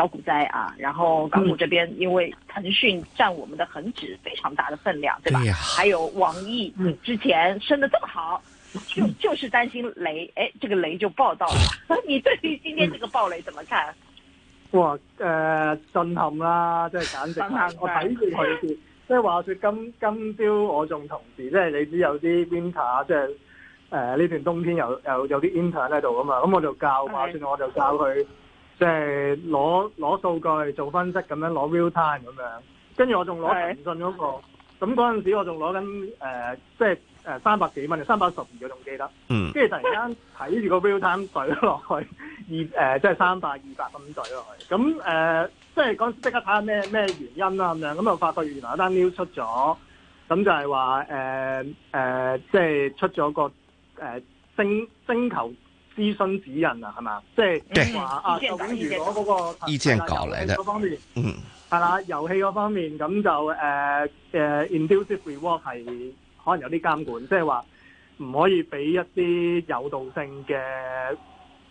小股災啊，然後港股這邊因為騰訊占我們的恒指非常大的分量，對吧？哎、還有網易，嗯，之前升得咁好，就、嗯、就是擔心雷，誒，這個雷就爆到了。 你對於今天這個暴雷怎麼看？我誒、呃、震撼啦、啊，真係簡直，剛剛我睇住佢即係話說今今朝我仲同時，即係你知有啲 inter，即係誒呢段冬天有有有啲 intern 喺度噶嘛，咁我就教嘛，所、Okay. 我就教佢。Okay. 即係攞攞數據做分析咁樣攞 real time 咁樣，跟住我仲攞騰訊嗰個，咁嗰陣時我仲攞緊誒，即係誒三百幾蚊，三百十二我仲記得，跟住突然間睇住個 real time 水落去二誒，即係三百二百蚊水落去，咁誒即係嗰陣時即刻睇下咩咩原因啦咁樣，咁又發覺原來一單 news 出咗，咁就係話誒誒，即、呃、係、呃就是、出咗個誒、呃、星星球。諮詢指引啊，係嘛？即係話啊，究竟如果嗰、那個意見稿嚟嘅，嗯，係啦，遊戲嗰方面咁就誒誒、uh, uh, intuitive reward 係可能有啲監管，即係話唔可以俾一啲誘導性嘅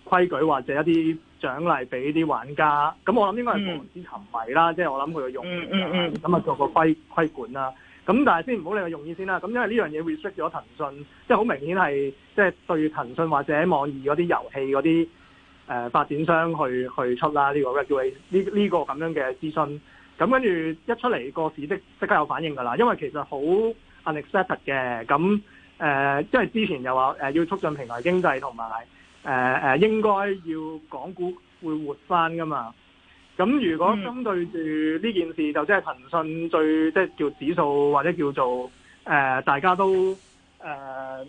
規矩或者一啲獎勵俾啲玩家。咁我諗應該係防止沉迷啦，即係我諗佢嘅用嗯嗯嗯，咁啊作個規規管啦。咁但係先唔好理佢用意先啦，咁因為呢樣嘢會蝕咗騰訊，即係好明顯係即係對騰訊或者網易嗰啲遊戲嗰啲誒發展商去去出啦呢個 regulate，呢呢個咁樣嘅諮詢。咁跟住一出嚟個市即即刻有反應㗎啦，因為其實好 unexpected 嘅，咁誒，因為之前又話誒要促進平台經濟同埋誒誒應該要港股會活翻㗎嘛。咁如果針對住呢件事，嗯、就即係騰訊最即係叫指數或者叫做誒、呃、大家都誒、呃、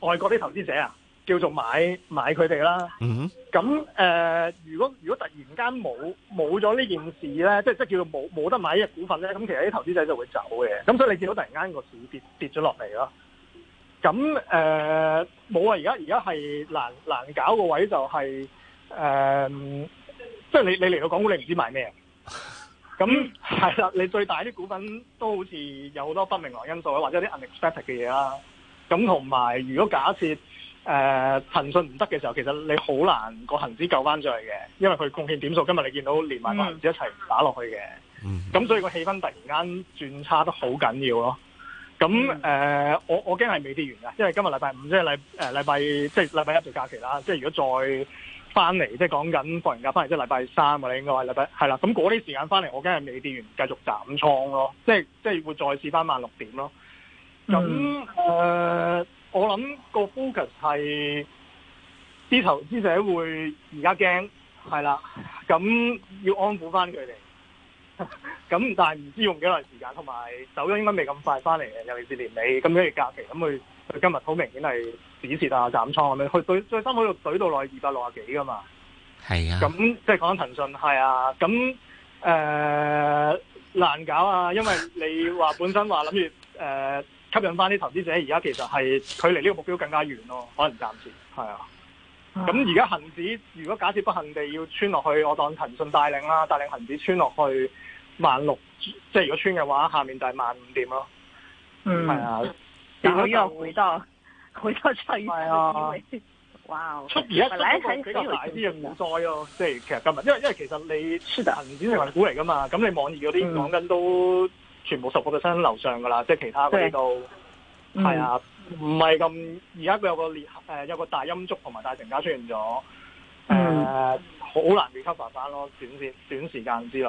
外國啲投資者啊，叫做買買佢哋啦。咁、嗯、誒、呃，如果如果突然間冇冇咗呢件事咧，即即係叫做冇冇得買呢隻股份咧，咁其實啲投資者就會走嘅。咁所以你見到突然間個市跌跌咗落嚟咯。咁誒冇啊！而家而家係難難搞個位就係、是、誒。呃即係你，你嚟到港股，你唔知買咩啊？咁係啦，你最大啲股份都好似有好多不明朗因素啊，或者有啲 unexpected 嘅嘢啦。咁同埋，如果假設誒騰訊唔得嘅時候，其實你好難個恒指救翻出嚟嘅，因為佢貢獻點數今日你見到連埋個恒指一齊打落去嘅。咁、嗯、所以個氣氛突然間轉差得好緊要咯。咁誒、呃，我我驚係未跌完㗎，因為今日禮拜五，即係禮誒禮拜，即係禮拜一就是假期啦。即係如果再翻嚟即係講緊放完假翻嚟，即係禮拜三喎，你應該話禮拜係啦。咁嗰啲時間翻嚟，我梗係未跌完，繼續斬倉咯。即係即係會再試翻萬六點咯。咁、嗯、誒、呃，我諗個 focus 係啲投資者會而家驚，係啦。咁要安撫翻佢哋。咁但係唔知用幾耐時間，同埋走咗應該未咁快翻嚟嘅，尤其是年尾咁樣嘅假期，咁去。佢今日好明顯係止蝕啊、斬倉咁、啊、樣，佢對再三度懟到落去二百六啊幾噶嘛，係啊。咁即係講緊騰訊係啊，咁誒、呃、難搞啊，因為你話本身話諗住誒吸引翻啲投資者，而家其實係距離呢個目標更加遠咯、啊，可能暫時係啊。咁而家恒指如果假設不幸地要穿落去，我當騰訊帶領啦、啊，帶領恒指穿落去萬六，即係如果穿嘅話，下面就係萬五點咯、啊。嗯，係啊。跌咗依回好多，好多衰啊！哇！出現出一個比較大啲嘅股災咯、啊，即係其實今日，因為因為其實你恆指成份股嚟噶嘛，咁你網易嗰啲講緊都全部十個 percent 樓上噶啦，即係其他嗰啲都係啊，唔係咁。而家佢有個誒、呃、有個大陰燭同埋大成交出現咗，誒、嗯、好、呃、難回吸翻翻咯，短短時間之內。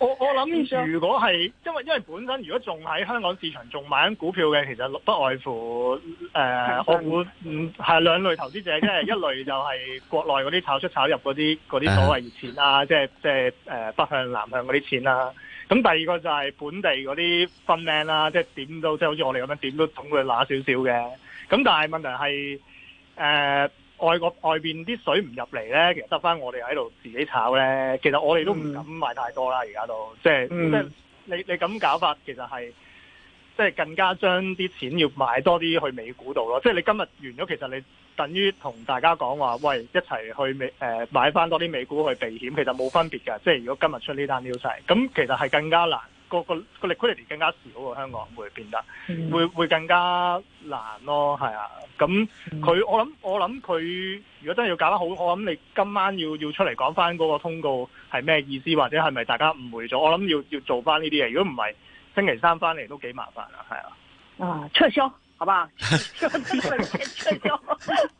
我我諗，如果係，因為因為本身如果仲喺香港市場仲買緊股票嘅，其實不外乎誒、呃，我估嗯係兩類投資者，即 係一類就係國內嗰啲炒出炒入嗰啲嗰啲所謂熱錢啦、啊、即係即係誒、呃、北向南向嗰啲錢啦、啊。咁第二個就係本地嗰啲 fund man 啦，即係點都即係好似我哋咁樣點都總佢拿少少嘅。咁但係問題係誒。呃外國外邊啲水唔入嚟呢，其實得翻我哋喺度自己炒呢。其實我哋都唔敢買太多啦，而、嗯、家都即係即係你你咁搞法，其實係即係更加將啲錢要買多啲去美股度咯。即係你今日完咗，其實你等於同大家講話，喂，一齊去美誒、呃、買翻多啲美股去避險，其實冇分別㗎。即係如果今日出呢單 news，咁其實係更加難。個個個 liquidity 更加少喎，香港會變得、嗯、會會更加難咯，係啊。咁佢、嗯、我諗我諗佢如果真係要搞得好，我諗你今晚要要出嚟講翻嗰個通告係咩意思，或者係咪大家誤會咗？我諗要要做翻呢啲嘢，如果唔係星期三翻嚟都幾麻煩啊，係啊。啊，撤銷，好唔好啊？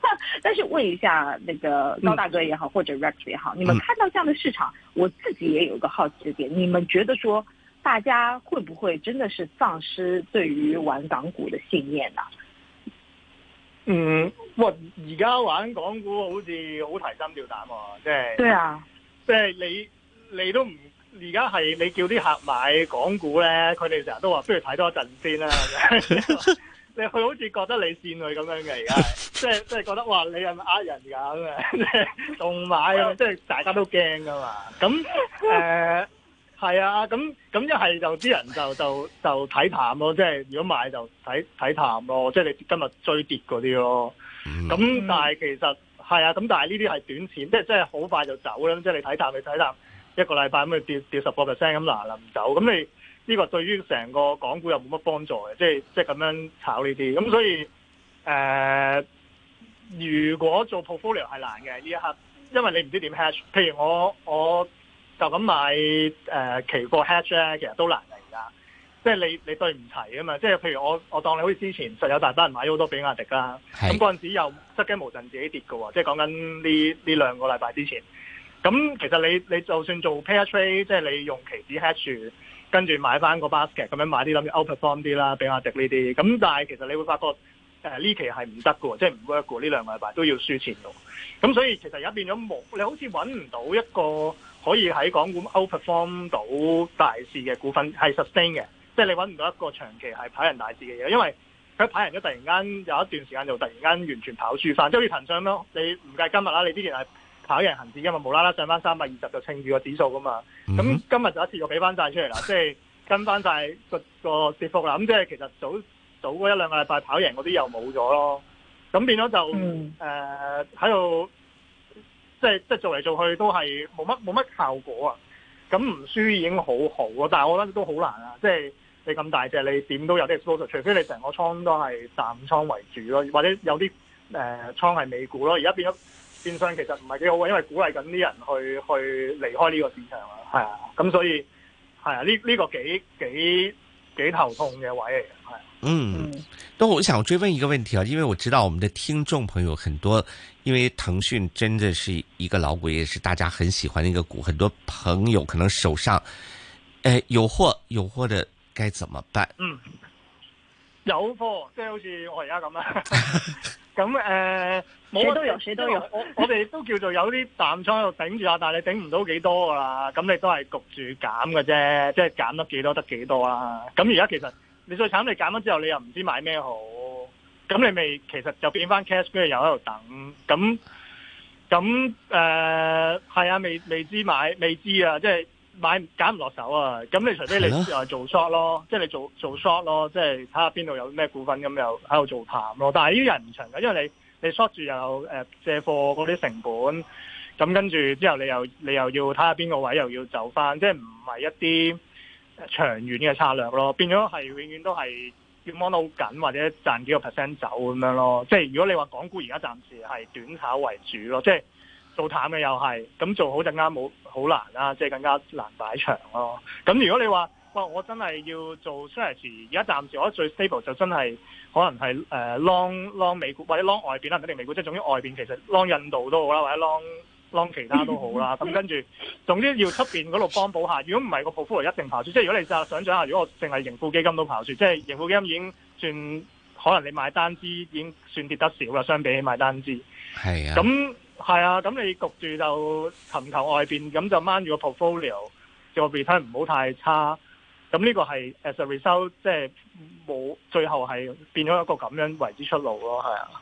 但是問一下，那個高大哥也好，嗯、或者 Rex 也好，你們看到這樣的市場，我自己也有個好奇的點，你們覺得說，大家會不會真的是喪失對於玩港股的信念呢、啊？嗯，我而家玩港股好似好提心吊膽、啊，即、就、係、是、對啊，即、就、係、是、你你都唔，而家係你叫啲客買港股咧，佢哋成日都話不如睇多一陣先啦、啊。 你佢好似覺得你線佢咁樣嘅，而家即係即係覺得 哇！你係咪呃人㗎咁 啊？仲買即係大家都驚㗎嘛？咁誒係啊！咁咁一係就啲人就就就睇淡咯，即係如果買就睇睇淡咯，即係你今日追跌嗰啲咯。咁、mm-hmm. 但係其實係啊，咁但係呢啲係短線，即係即係好快就走啦。即係你睇淡你睇淡一個禮拜咁，跌跌十個 percent 咁，嗱嗱臨走，咁你。呢、這個對於成個港股又冇乜幫助嘅，即係即係咁樣炒呢啲，咁所以誒、呃，如果做 portfolio 係難嘅呢一刻，因為你唔知點 hatch。譬如我我就咁買誒期貨 hatch 咧，呃、其, hash, 其實都難㗎而即係你你對唔齊啊嘛。即係譬如我我當你好似之前實有大班人買好多比亞迪啦，咁嗰陣時又失驚無神自己跌嘅喎，即係講緊呢呢兩個禮拜之前。咁其實你你就算做 p a i t r a y 即係你用期指 hatch 跟住買翻個 basket，咁樣買啲諗住 outperform 啲啦，比亞迪呢啲。咁但係其實你會發覺，呃，呢期係唔得嘅喎，即係唔 work 嘅喎。呢兩個禮拜都要輸錢喎，咁所以其實而家變咗冇，你好似揾唔到一個可以喺港股 outperform 到大市嘅股份係 sustain 嘅，即係你揾唔到一個長期係跑贏大市嘅嘢。因為佢一跑贏咗，突然間有一段時間就突然間完全跑輸翻，即係好似騰訊咁，你唔計今日啦，你之前係。跑贏恆指，因為無啦啦上翻三百二十就稱住個指數噶嘛，咁、mm-hmm. 今日就一次過俾翻晒出嚟啦，即係跟翻晒個個跌幅啦，咁即係其實早早嗰一兩個禮拜跑贏嗰啲又冇咗咯，咁變咗就誒喺度，即係即係做嚟做去都係冇乜冇乜效果啊！咁唔輸已經好好咯，但係我覺得都好難啊！即係你咁大隻，你點都有啲 exposure，除非你成個倉都係淡倉為主咯，或者有啲誒、呃、倉係美股咯，而家變咗。變相其實唔係幾好啊，因為鼓勵緊啲人去去離開呢個市場啊，係啊，咁所以係啊，呢、這、呢個幾幾幾頭痛嘅位嚟嘅，係、啊。嗯，但、嗯、我想追問一個問題啊，因為我知道我們的聽眾朋友很多，因為騰訊真的是一個老股，也是大家很喜歡的一個股，很多朋友可能手上誒、呃、有貨有貨的該怎麼辦？嗯，有貨即係好似我而家咁啊。 咁誒，冇、呃、都有，都有，都有，我我哋都叫做有啲淡倉喺度頂住啊，但係你頂唔到幾多㗎啦，咁你都係焗住減㗎啫，即係減得幾多得幾多喇。咁而家其實你最慘，你減咗之後，你又唔知買咩好，咁你咪其實就變翻 cash，跟住又喺度等，咁咁誒係啊，未未知買，未知啊，即係。買揀唔落手啊！咁你除非你又係做 short 咯，即係你做做 short 咯，即係睇下邊度有咩股份咁又喺度做淡咯。但係呢啲人唔長嘅，因為你你 short 住又有誒借貨嗰啲成本，咁跟住之後你又你又要睇下邊個位又要走返，即係唔係一啲長遠嘅策略咯？變咗係永遠都係要 mon 得好緊，或者賺幾個 percent 走咁樣咯。即係如果你話港股而家暫時係短炒為主咯，即係。做淡嘅又係，咁做好就啱，冇好難啦、啊，即係更加難擺場咯、啊。咁如果你話，哇，我真係要做 strategy，而家暫時我覺得最 stable 就真係可能係、呃、long long 美股或者 long 外邊啦，唔一定美股，即係總之外邊其實 long 印度都好啦，或者 long long 其他都好啦。咁 跟住總之要出邊嗰度幫補下。如果唔係個鋪鋪嚟，一定跑輸 即係如果你就想象下，如果我淨係盈富基金都跑輸，即係盈富基金已經算可能你買單支已經算跌得少啦，相比起買單支。啊。咁係啊，咁你焗住就尋求外邊，咁就掹住個 portfolio，就 return 唔好太差，咁呢個係 as a result，即係冇最後係變咗一個咁樣為之出路咯，係啊。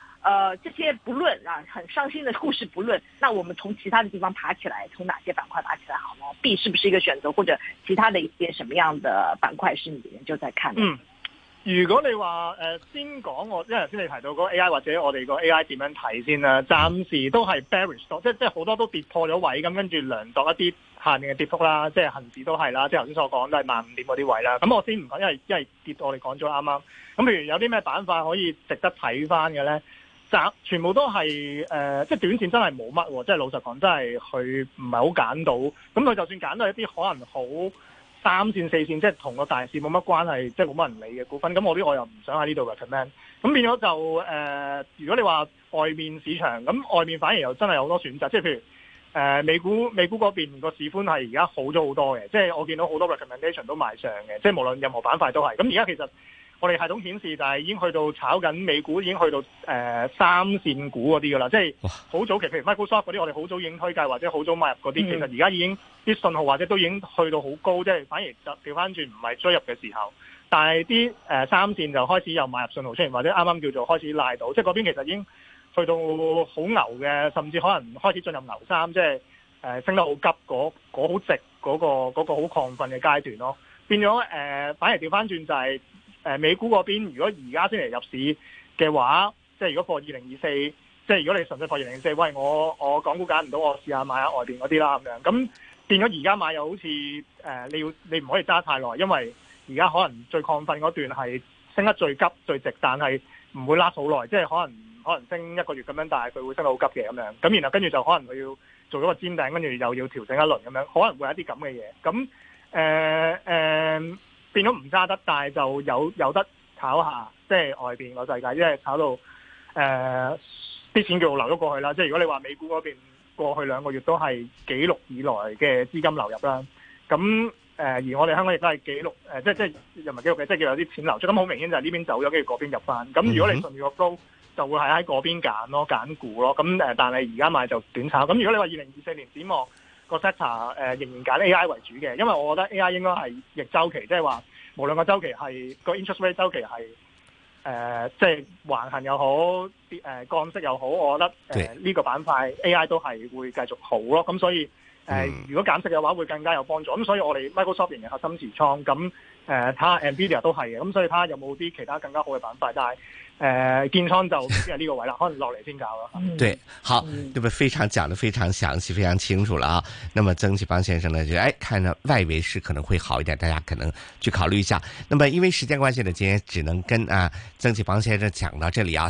呃，這些不論啊，很傷心的故事不論，那我們從其他的地方爬起來，從哪些板塊爬起來好呢？B 是不是一個選擇，或者其他的一些什麼樣的板塊是你們就在看的？嗯，如果你話誒、呃，先講我，因為頭先你提到個 A.I. 或者我哋個 A.I. 點樣睇先啦、啊，暫時都係 bearish 咗，即係即係好多都跌破咗位咁，跟住量度一啲下面嘅跌幅啦，即係恒指都係啦，即係頭先所講都係萬五點嗰啲位啦。咁我先唔講，因為因為跌到我哋講咗啱啱，咁譬如有啲咩板塊可以值得睇翻嘅呢？全部都係誒、呃，即係短線真係冇乜喎，即係老實講，真係佢唔係好揀到。咁佢就算揀到一啲可能好三線四線，即係同個大市冇乜關係，即係冇乜人理嘅股份。咁我啲我又唔想喺呢度 recommend。咁變咗就誒、呃，如果你話外面市場，咁外面反而又真係有好多選擇。即係譬如、呃、美股美股嗰邊個市寬係而家好咗好多嘅，即係我見到好多 recommendation 都賣上嘅，即係無論任何板塊都係。咁而家其實。我哋系統顯示就係已經去到炒緊美股，已經去到誒、呃、三線股嗰啲㗎啦。即係好早期，譬如 Microsoft 嗰啲，我哋好早已經推介或者好早買入嗰啲、嗯，其實而家已經啲信號或者都已經去到好高，即係反而就調翻轉唔係追入嘅時候。但係啲誒三線就開始又買入信號出現，或者啱啱叫做開始賴到，即係嗰邊其實已經去到好牛嘅，甚至可能開始進入牛三，即係、呃、升得好急嗰嗰好直嗰個嗰好、嗰個、亢奮嘅階段咯。變咗、呃、反而調翻轉就係、是。誒美股嗰邊，如果而家先嚟入市嘅話，即係如果破二零二四，即係如果你純粹破二零二四，喂，我我港股揀唔到，我試下買下外邊嗰啲啦咁樣。咁變咗而家買又好似誒、呃、你要你唔可以揸太耐，因為而家可能最亢奮嗰段係升得最急最直，但係唔會 last 好耐，即係可能可能升一個月咁樣，但係佢會升得好急嘅咁樣。咁然後跟住就可能佢要做咗個尖頂，跟住又要調整一輪咁樣，可能會有一啲咁嘅嘢。咁誒誒。呃呃變咗唔差得，但係就有有得炒下，即係外邊個世界，因為炒到誒啲、呃、錢叫流咗過去啦。即係如果你話美股嗰邊過去兩個月都係紀錄以來嘅資金流入啦，咁誒、呃、而我哋香港亦都係紀錄、呃、即係即係又唔係紀錄嘅，即係叫有啲錢流出。咁好明顯就係呢邊走咗，跟住嗰邊入翻。咁如果你順住個 flow，就會係喺嗰邊揀咯，揀股咯。咁、呃、但係而家買就短炒。咁如果你話二零二四年展望。個 sector、呃、仍然揀 AI 為主嘅，因為我覺得 AI 應該係逆週期，即係話無論個周期係、個 interest rate 周期係誒，即、呃、係、即係、橫行又好，誒、呃、降息又好，我覺得誒呢、呃呢個板塊 AI 都係會繼續好咯，咁所以。呃、如果減息嘅話，會更加有幫助。咁、嗯、所以，我哋 Microsoft 型嘅核心持倉，咁、嗯、誒，它、呃、Nvidia 都係嘅。咁、嗯、所以，他有冇啲其他更加好嘅板塊？但係誒、呃，建倉就係呢個位啦， 可能落嚟先搞啦、嗯。對，好，咁、嗯、啊，非常講得非常詳細，非常清楚啦。啊，那麼曾啟邦先生呢，就誒、哎，看到外圍市可能會好一點，大家可能去考慮一下。那麼因為時間關係呢，今天只能跟啊曾啟邦先生講到這裡啊。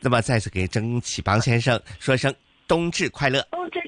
那麼再次給曾啟邦先生說聲冬至快樂。Okay.